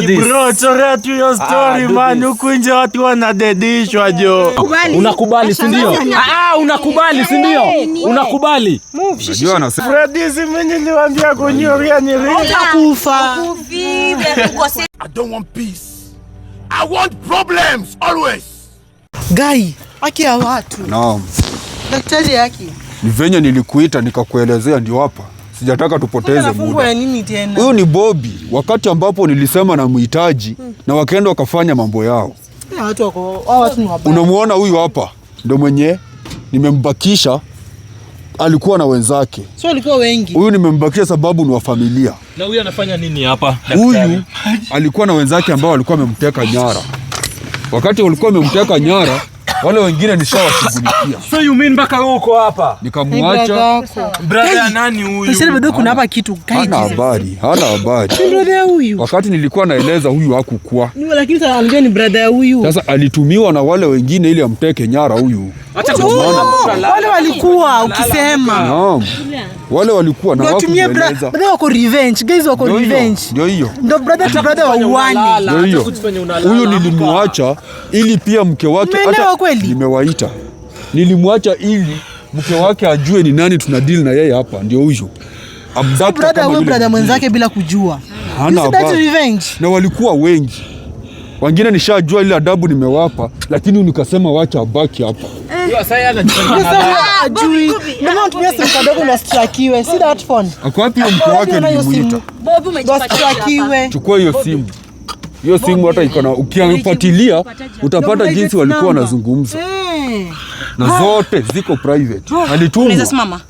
Bro, chorea tu hiyo ah, story man, huku nje watu wanadedishwa jo. Unakubali si ndio? Ah, ah, unakubali si ndio? Unakubali. Unajua Freddy si mimi niliwaambia kunyoria ni Utakufa. I don't want peace. I want problems always. Gai, ya watu. Daktari Ni venye nilikuita nikakuelezea ndio hapa sijataka tupoteze muda. Huyu ni Bobi, wakati ambapo nilisema mhitaji hmm. na wakaenda wakafanya mambo yao. Unamwona huyu hapa ndo mwenye nimembakisha, alikuwa na wenzake, so alikuwa wengi. Huyu nimembakisha sababu ni wa familia, na huyu anafanya nini hapa? Huyu alikuwa na wenzake ambao walikuwa wamemteka nyara. Wakati walikuwa wamemteka nyara wale wengine nishawashughulikia. So you mean mpaka wewe uko hapa? Nikamwacha brother. Nani huyu? Sasa bado kuna hapa kitu kai, hana habari, hana habari. Brother huyu, wakati nilikuwa naeleza huyu hakukua, Ni lakini sasa alijua ni brother huyu. Sasa alitumiwa na wale wengine ili amteke nyara huyu wale walikuwa ukisema no. Wale walikuwa na wako brother wako revenge guys, wako revenge ndio hiyo, ndio brother to brother wa uani, ndio hiyo. Huyo nilimwacha ili pia mke wake hata nimewaita, nilimwacha ili mke wake ajue ni nani tuna deal na yeye hapa, ndio huyo brother. brother mwenzake bila kujua, hana na walikuwa wengi wengine nishajua ile adabu nimewapa, lakini nikasema wacha abaki hapa. Eh. Ah, ah, Ako hiyo mko wake Chukua hiyo simu, hiyo simu hata iko na, ukifuatilia utapata jinsi walikuwa wanazungumza eh. na zote ziko private. Ah. Alitumwa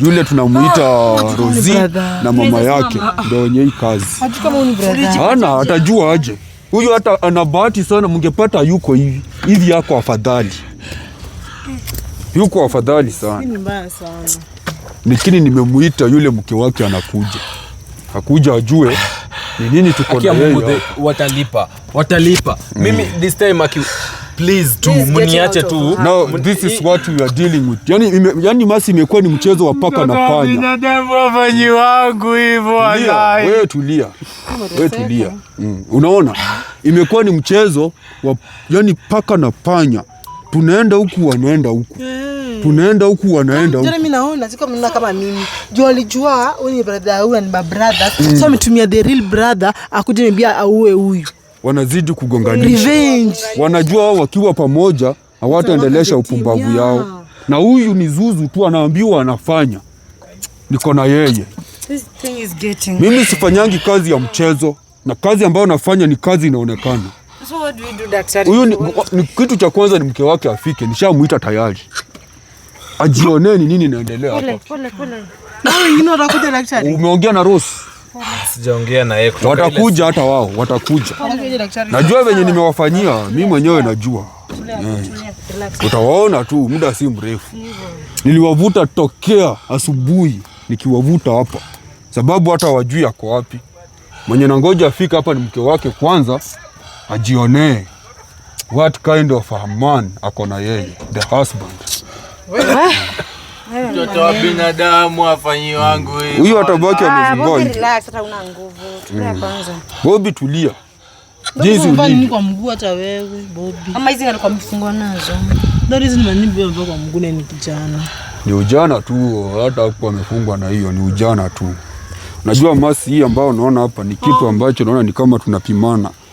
yule tunamuita Rozi na mama yake ndio wenye hii kazi, hana atajua aje Huyu hata ana bahati sana, mngepata yuko hivi hivi, yako afadhali, yuko afadhali sana. Lakini nimemuita yule mke wake, anakuja akuja ajue ni nini tuko na yeye. Watalipa, watalipa. Mimi mm. this time aki please tu mniache tu. No, this is what we are dealing with. Yani, yani masi imekuwa ni mchezo wa paka na panya. Binadamu wangu hivyo. Wewe tulia, wewe tulia. Mm. Unaona, imekuwa ni mchezo wa yani paka na panya, tunaenda huku wanaenda huku mm. tunaenda huku wanaenda huku. Mimi naona kama mimi. alijua huyu ni brother, huyu ni brother. Mm. So ametumia the real brother akuje auwe huyu wanazidi kugonganisha, wanajua wao wakiwa pamoja hawataendelesha upumbavu yao, na huyu ni zuzu tu, anaambiwa anafanya, niko na yeye. Mimi sifanyangi kazi ya mchezo, na kazi ambayo nafanya ni kazi inaonekana. Huyu ni, ni kitu cha kwanza ni mke wake afike, nishamwita tayari, ajioneni nini naendelea ah, Umeongea na Rose Sijaongea na yeye Watakuja hata wao, watakuja. Najua venye nimewafanyia, mi mwenyewe najua. Eh. Utawaona tu muda si mrefu. Niliwavuta tokea asubuhi nikiwavuta hapa, sababu hata wajui ako wapi. Mwenye nangoja afika hapa ni mke wake kwanza, ajionee what kind of a man ako na yeye, the husband mtoto wa binadamu afanyi wangu huyu watabaki ah, Bobi, tulia mm. jinsi kwa mguu hata wewe Bobi. Ama hizi alikuwa mfungo nazo. Ndio hizi ni nimanibu kwa mguu ni kijana. Ni ujana tu, hata kwa amefungwa na hiyo ni ujana tu. Unajua masi hii ambayo unaona hapa ni kitu oh. ambacho naona ni kama tunapimana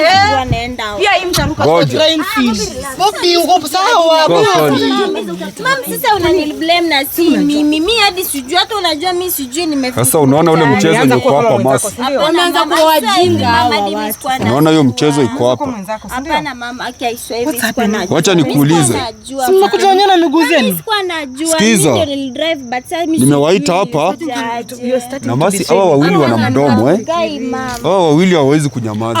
Eh? Sasa unaona ule mchezo niko hapa masi. Unaona hiyo mchezo iko hapa. Wacha nikuulize. Sikiza. Nimewaita hapa na masi hawa wawili wana mdomo eh. Hawa wawili hawawezi kunyamaza.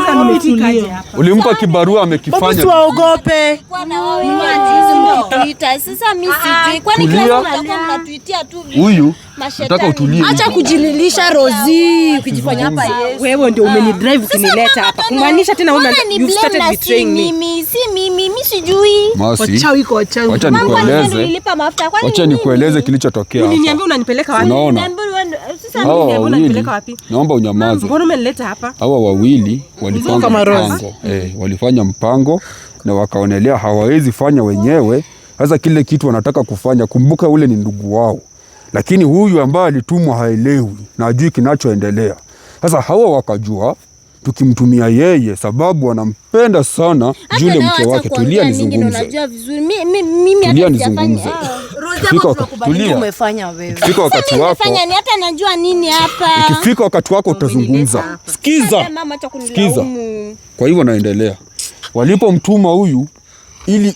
nimetulia. Ulimpa kibarua amekifanya. Waogope ah, ah. huyu, nataka utulie. Acha kujililisha Rozi, ukijifanya hapa wewe ndio umenidrive kunileta hapa. Kumaanisha tena wewe you started betraying me. Mimi si mimi, mimi sijui. Wachawi kwa wachawi. Acha nikueleze. Acha nikueleze kilichotokea. Uliniambia unanipeleka wapi? Unaona? hawa wawili naomba unyamaze. Hawa wawili walifanya mpango, eh, walifanya mpango na wakaonelea hawawezi fanya wenyewe. Sasa kile kitu wanataka kufanya, kumbuka ule ni ndugu wao, lakini huyu ambaye alitumwa haelewi na ajui kinachoendelea. Sasa hawa wakajua tukimtumia yeye, sababu anampenda sana yule mke wake. Tulia nizungumze, tulia nizungumze. Ah. Ikifika wakati wako, ikifika wakati wako utazungumza. Sikiza, sikiza. Kwa hivyo naendelea, walipomtuma huyu ili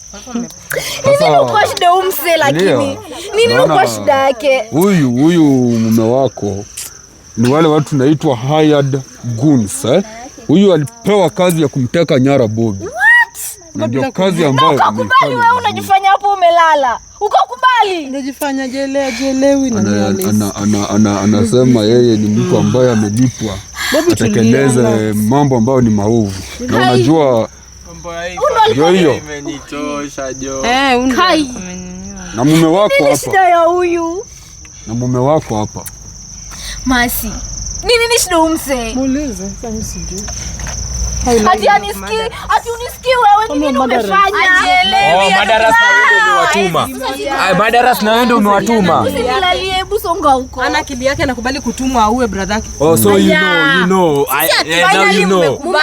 Nini shida umse, lakini nini uko shida yake? Huyu huyu mume wako ni wale watu naitwa hired goons eh? Huyu alipewa kazi ya kumteka nyara Bobi. Ndio kazi ambayo ukakubali. Wewe unajifanya hapo umelala, ukakubali. Unajifanya jelea jelewi. Anasema yeye ni mtu ambaye amelipwa atekeleze mambo ambayo ni maovu, na unajua Eh, na mume wako hapa. Shida ya huyu na mume wako hapa. Masi, nini ni shida umse? Mueleze, sasa sijui. Ati anisikii, ati unisikii wewe nini umefanya? Ajielewi. Oh, madarasa umewatuma. Madarasa na wewe ndio umewatuma. Usinilalie, hebu songa huko. Ana akili yake anakubali kutumwa aue brother yake. Oh, so you know, you know. I eh, now you know.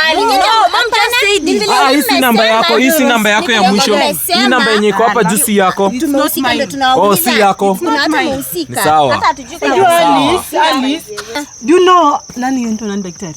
Ah, hii si namba yako, hii si namba yako ya mwisho. Hii namba yenye iko hapa juu si yako. Oh, si yako. Ni sawa. Alice, Alice. Do ah. you know nani ndio na daktari?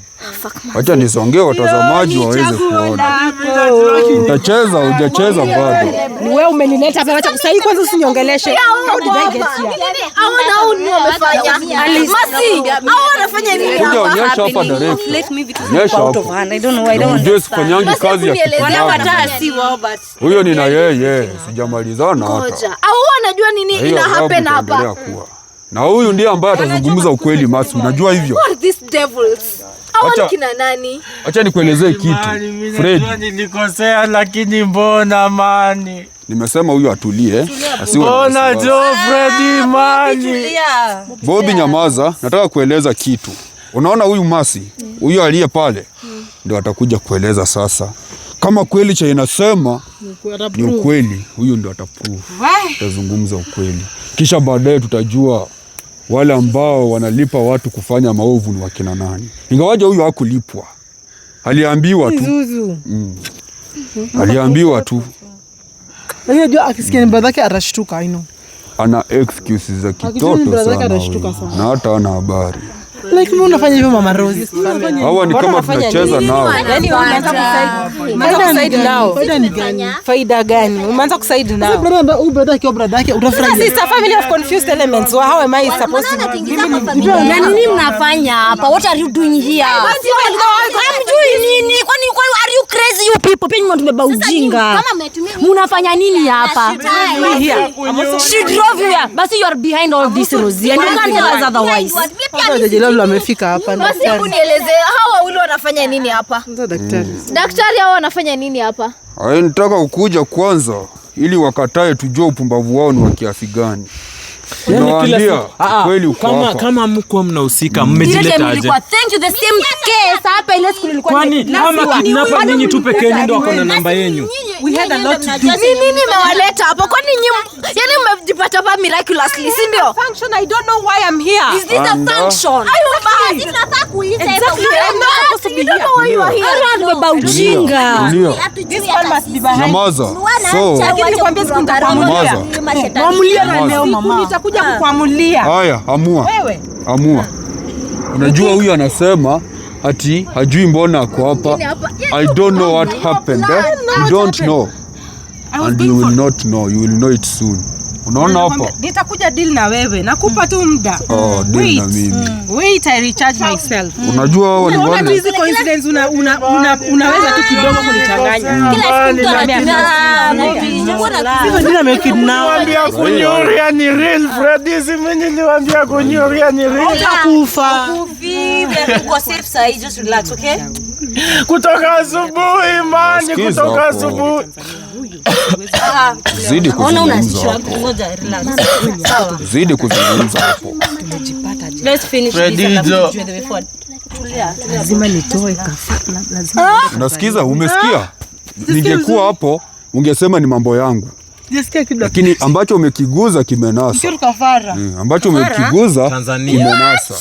Wacha nisongee watazamaji waweze kuona. Utacheza ujacheza bado. Ni wewe umenileta hapa, acha kusahi kwanza usiniongeleshe. Onyesha hapa darejue sifanyangi kazi ya huyo, nina yeye sijamalizana hata nini ina happen hapa? na huyu ndiye ambaye atazungumza ukweli. Masi, unajua hivyo. What are these devils? Hawa kina nani? Acha nikuelezee kitu. Fred, nilikosea lakini mbona mani? Nimesema huyu atulie. Mbona jo Fred mani? Ah, Bobi, nyamaza, nataka kueleza kitu. Unaona huyu Masi, huyu aliye pale ndio atakuja kueleza sasa. Kama kweli cha inasema ni ukweli, huyu ndio ataprove. Tazungumza ukweli. Kisha baadaye tutajua wale ambao wanalipa watu kufanya maovu ni wakina nani? Ingawaja huyo hakulipwa, aliambiwa tu mm. aliambiwa tu akisikia ni bradhake atashtuka, ana excuses za kitoto sana, na hata ana habari Like mbona unafanya hivyo Mama Rose? Hawa ni kama tunacheza nao. Yaani unaanza kusaid. Unaanza kusaid nao. Faida ni gani? Faida gani? Umeanza kusaid nao. Sasa brother, huyu brother akiwa brother yake utafurahi. This is family of confused elements. How am I supposed to? Na yaani nini mnafanya hapa? What are you doing here? Hamjui nini? Kwani kwani crazy you people. Penye mnatubeba ujinga. Mnafanya nini hapa? She drove here. Basi you are behind all this Rosie. And you can't tell us otherwise. Jaji Lalu amefika hapa. Basi hebu nieleze hawa wawili wanafanya nini hapa? Daktari. Daktari hawa wanafanya nini hapa? Ai, nitaka ukuja kwanza ili wakatae tujue upumbavu wao ni wa kiasi gani. Yaani ah, ah. kama kama mko mnahusika, mm. mmejileta aje? Kwani kama kidnapa nyinyi tu peke yenu ndio wako na namba yenu? Mimi nimewaleta hapa, kwani nyinyi yani mmejipata hapa miraculously, si ndio? I don't know why I'm here. Is this a uh, function? Baba ujinga. Nyamaza. So, nitakuja kuja ah. kukuamulia. Haya, amua. Wewe. Amua. Unajua huyu anasema ati hajui mbona ako hapa. I don't know what happened. Eh? You don't know. And you will not know. You will know it soon. Unaona hapo? Nitakuja deal na wewe. Nakupa tu muda. Oh, deal na mimi. Mm. Wait, I recharge myself. Mm. Unajua wao ni wale. Una hizi coincidence una unaweza tu kidogo kunichanganya. Ah, Kila siku mtu anatumia. Ah, mbona hizo ndio kunyoria ni real Utakufa. uko safe sasa, just relax, okay? kutoka asubuhi mani kutoka asubuhi zidi kuzungumza hapo, zidi kuzungumza hapo. Lazima Umesikia? Ah! Ningekuwa hapo ungesema ni mambo yangu lakini ambacho umekiguza kimenasa, eh, ambacho umekiguza kimenasa.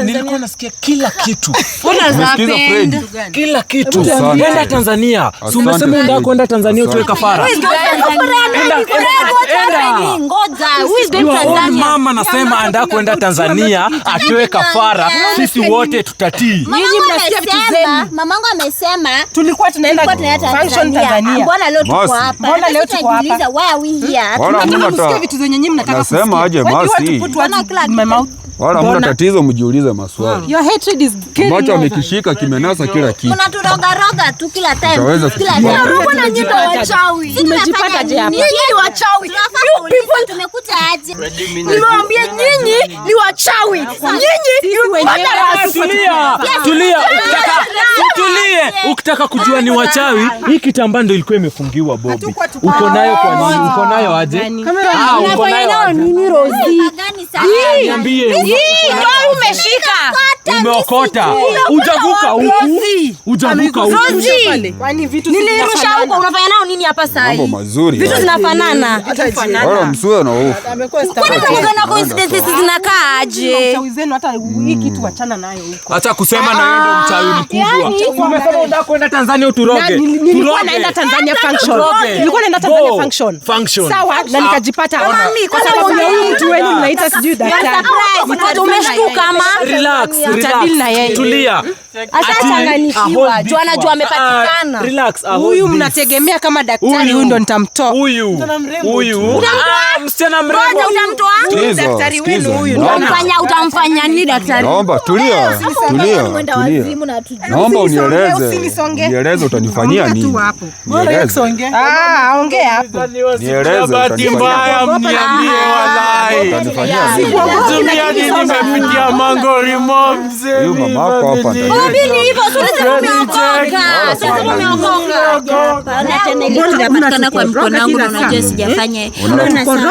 Ah, nilikuwa nasikia kila kitu, kila kitu. Enda Tanzania, si umesema unataka kwenda Tanzania utoe kafara? Mama nasema anataka kwenda Tanzania atoe kafara, sisi wote tutatii. Mamangu amesema tulikuwa tunaenda Tanzania, mbona leo tuko hapa? tuko hapa. Vitu zenye nyinyi mnataka kusikia. Nasema aje basi wala mna tatizo, mjiulize maswali. Your hatred is getting ambacho amekishika kimenasa kila kitu. Kuna tu kila time. Kila time. na nyinyi wachawi. Mmejipata je hapa? Nyinyi wachawi. You people tumekuta aje? Niwaambie nyinyi ni wachawi. Nyinyi tulia. Tulia. Tulie. Ukitaka kujua ni wachawi, hii kitambaa ndio ilikuwa imefungiwa Bobby. Uko ah. nayo kwa nini? Uko nayo aje? Ah, uko nayo. Nini Rosie? Niambie. Hii ndio umeshika. Umeokota. Ujaguka huku. Ujaguka huku. Kwani vitu nilirusha huko unafanya nao nini hapa sasa? Mambo mazuri. Vitu yaani. zinafanana. msue na Kwani zinakaa aje? hata mm. Acha kusema na yeye ah, mchawi ah, mkubwa. Yaani Umesema unataka kwenda Tanzania uturoge. naenda Tanzania function. Nilikuwa naenda Tanzania function. Sawa na ah. nikajipata Kwa sababu mtu wenu mnaita sijui daktari. Unapata umeshtuka ama? Relax, relax. Na yeye. Tulia. Asachanganishiwa. Jua anajua amepatikana. Ah, huyu mnategemea kama daktari huyu ndo nitamtoa. Huyu. Huyu. Unamtoa msichana mrembo. Utamtoa daktari wenu huyu. Utamfanya utamfanya nini daktari? Naomba tulia. Tulia. Naomba unieleze. Nieleze utanifanyia nini? Nieleze. Ah, ongea hapo. Nieleze. Bahati mbaya mniambie wallahi. Sikukutumia nini nimepitia mangori mzee. Huyu mamako hapa ndio. Kwa nini hivyo? Sasa umeokoka. Sasa umeokoka. Na kwa mkono wangu na unajua sijafanya.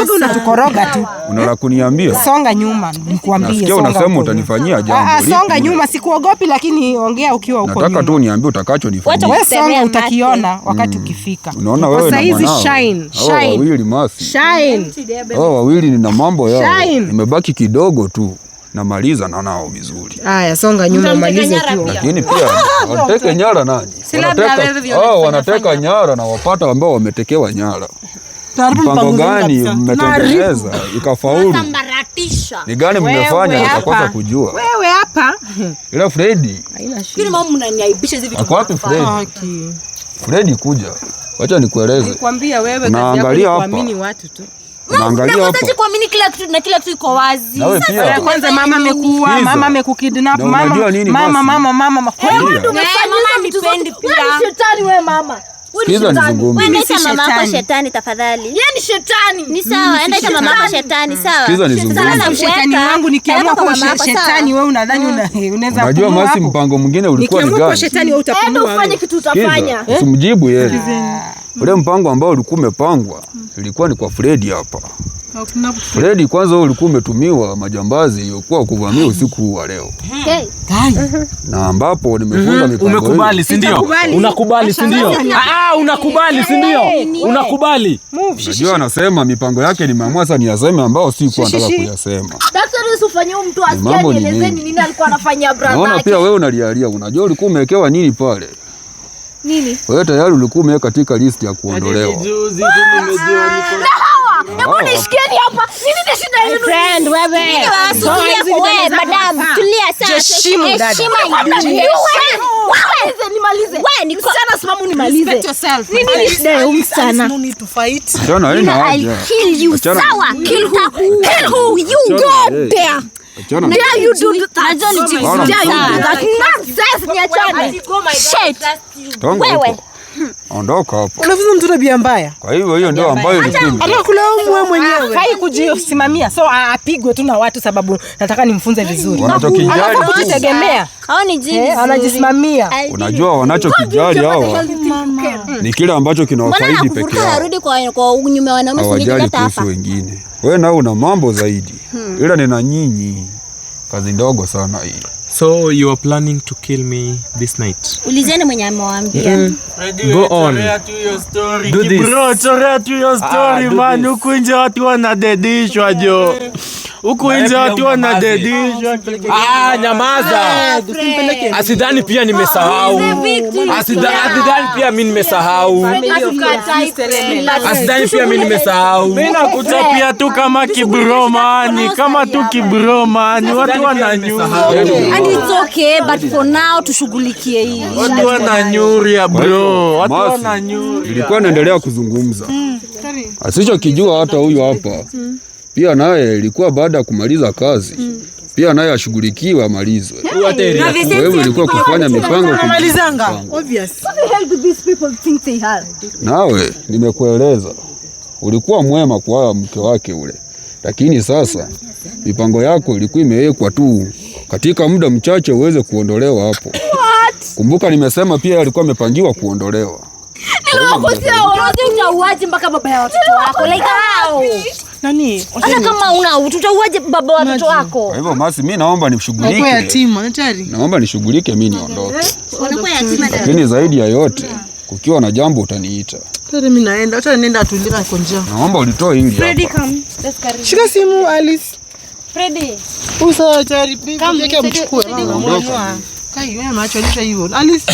Unakoroga, unatukoroga tu. Unaona kuniambia? Songa nyuma, nikuambie. Nasikia unasema utanifanyia jambo. Ah, ah songa nyuma, sikuogopi lakini ongea ukiwa uko Nataka tu niambie utakachonifanyia. Wewe songa utakiona wakati mm. ukifika. Unaona wewe na mwanao. Sasa shine, shine. Wawili masi. Shine. Oh, wawili nina mambo yao. Nimebaki kidogo tu. Namaliza na nao vizuri. Aya, songa nyuma malize tu. Lakini pia wanateka nyara nani? Wanateka, oh, wanateka nyara na wapata ambao wametekewa nyara mpango gani mmetengeneza ikafaulu? Ni gani mmefanya mkakosa kujua? Wewe hapa ila Fredi ako wapi? Fredi, Fredi kuja, wacha nikueleze. Nikwambia wewe kazi yako ni kuamini watu tu. Naangalia hapa. Unataka kuamini kila kitu na kila kitu iko wazi. Sasa kwa kwanza mama amekuua, mama amekukidnap, mama mama mama eh, mama. Eh, mama. Wewe ndio umefanya mama nipendi pia. Wewe shetani wewe mama. Sikiza nizungumze. Mama yako shetani tafadhali. Yeye ni shetani. Ni sawa, enda mama yako shetani sawa. Sikiza nizungumze. Shetani wangu nikiamua kwa shetani wewe unadhani mm. eh, unaweza Unajua masi mpango mwingine ulikuwa ni gani? Nikiamua shetani wewe Enda ufanye kitu utafanya. Eh? Usimjibu yeye. Ule mpango ambao ulikuwa umepangwa ilikuwa ni kwa Fredi hapa. Fredi, kwanza wewe ulikuwa umetumiwa majambazi iliyokuwa kuvamia usiku wa leo hey. na ambapo nimefunga mhm. mipango. Umekubali si ndio? Unakubali si ndio? Ah, unakubali si ndio? Unakubali. Unajua anasema mipango yake nimeamua sasa niyaseme ambao kwa nataka kuyasema. Naona pia wewe unalialia, unajua ulikuwa umewekewa nini pale nini? Wewe tayari ulikuwa umeweka katika listi ya kuondolewa. Hebu oh. nishikieni hapa. Nini ndio shida yenu? Friend wewe. Ah. Tulia wewe madam, tulia sana. Heshima wewe. Wewe nimalize. Wewe ni sana simamu nimalize. Respect yourself. Nini ni shida yenu msana? No need to fight. Chana wewe na. I'll kill you. Sawa. Kill who? Kill who? You go there. Wewe. Ondoka hapo. Unafunza mtu tabia mbaya. Kwa hivyo hiyo ndio ambayo ni dini. Ana kulaumu wewe mwenyewe. Hai ah, kujisimamia. Mm. So apigwe tu na watu sababu nataka nimfunze vizuri. Wanachokijali. Anajitegemea. Hao ni eh, Anajisimamia. Unajua wanachokijali hao. Ni kile ambacho kinawafaidi pekee yao. Wanarudi kwa kwa nyuma wanaume sivyo hata hapa. Wengine. Wewe nao una mambo zaidi. Hmm. Ila nina nyinyi. Kazi ndogo sana hii. So you are planning to kill me this night. Ulizeni mwenye amewaambia. Go on. Do this. Bro, chorea tu your story ah, man, huku nje watu wanadedishwa jo huku nje watu wanadedishwa. Ah, nyamaza, asidhani pia nimesahau, asidhani pia mimi nimesahau, asidhani pia mimi nimesahau. Mimi nakuchapia tu kama kibromani, kama tu kibromani, watu wananyura, watu wananyura bro, watu wananyura. Ilikuwa naendelea kuzungumza kijua hata huyu hapa pia naye ilikuwa baada ya kumaliza kazi mm. pia naye ashughulikiwe amalizwe. Wewe ilikuwa kufanya mipango kumalizanga, nawe nimekueleza ulikuwa mwema kwa mke wake ule, lakini sasa mipango yako ilikuwa imewekwa tu katika muda mchache uweze kuondolewa hapo. Kumbuka nimesema pia alikuwa amepangiwa kuondolewa nani? Hata kama una tutauaje baba wa mtoto wako? Kwa hivyo basi mimi naomba nishughulike. Kwa yatima, hatari. Naomba nishughulike mimi niondoke. Unakuwa eh? yatima. Lakini zaidi ya yote kukiwa na jambo utaniita. Tare mimi naenda, acha nenda tulika kwa njia. Naomba ulitoe hivi. Freddy come. Let's carry. Shika simu Alice. Freddy. Uso hatari bibi yake mchukue. Kai yeye macho nisha hiyo. Alice.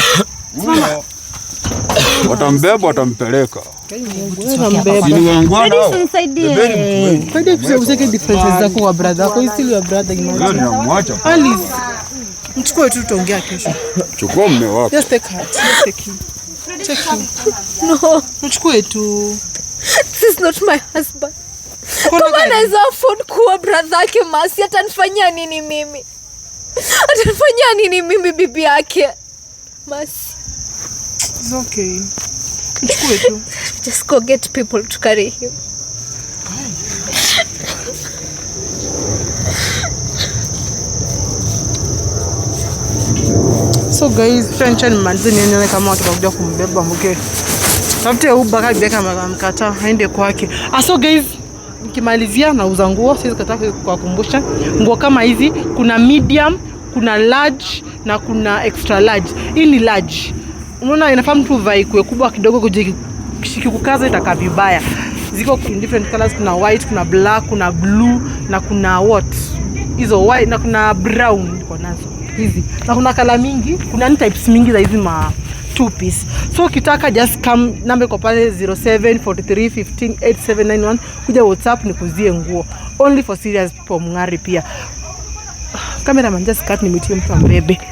Watambeba watampeleka. Mchukue tu tutaongea kesho. Chukua mume wako. Just take heart. Take him. No. Mchukue tu. This is not my husband. Kama anaweza afford kuwa brother yake Masi atanifanyia nini mimi? Atanifanyia nini mimi bibi yake? Masi. It's okay. Just go get people to carry him. So guys, tension mmanzi nini kama watu wakuja kumbeba mke. Tafute Uber kabisa kama aende kwake. Ah, so guys, nikimalizia nauza nguo, siwezi kataa kuwakumbusha. Nguo kama hizi kuna medium, kuna large na kuna extra large. Hii ni large unaona, inafaa mtu uvae ikuwe kubwa kidogo, kuje kujikikukaza itakaa vibaya. Ziko in different colors, kuna white, kuna black, kuna blue na kuna what hizo white na kuna brown kwa nazo hizi, na kuna kala mingi, kuna ni types mingi za hizi ma two piece. So ukitaka just come, namba kwa pale 0743158791 kuja WhatsApp nikuzie nguo only for serious people. Mng'ari pia kamera manja skat, nimetie mtu ambebe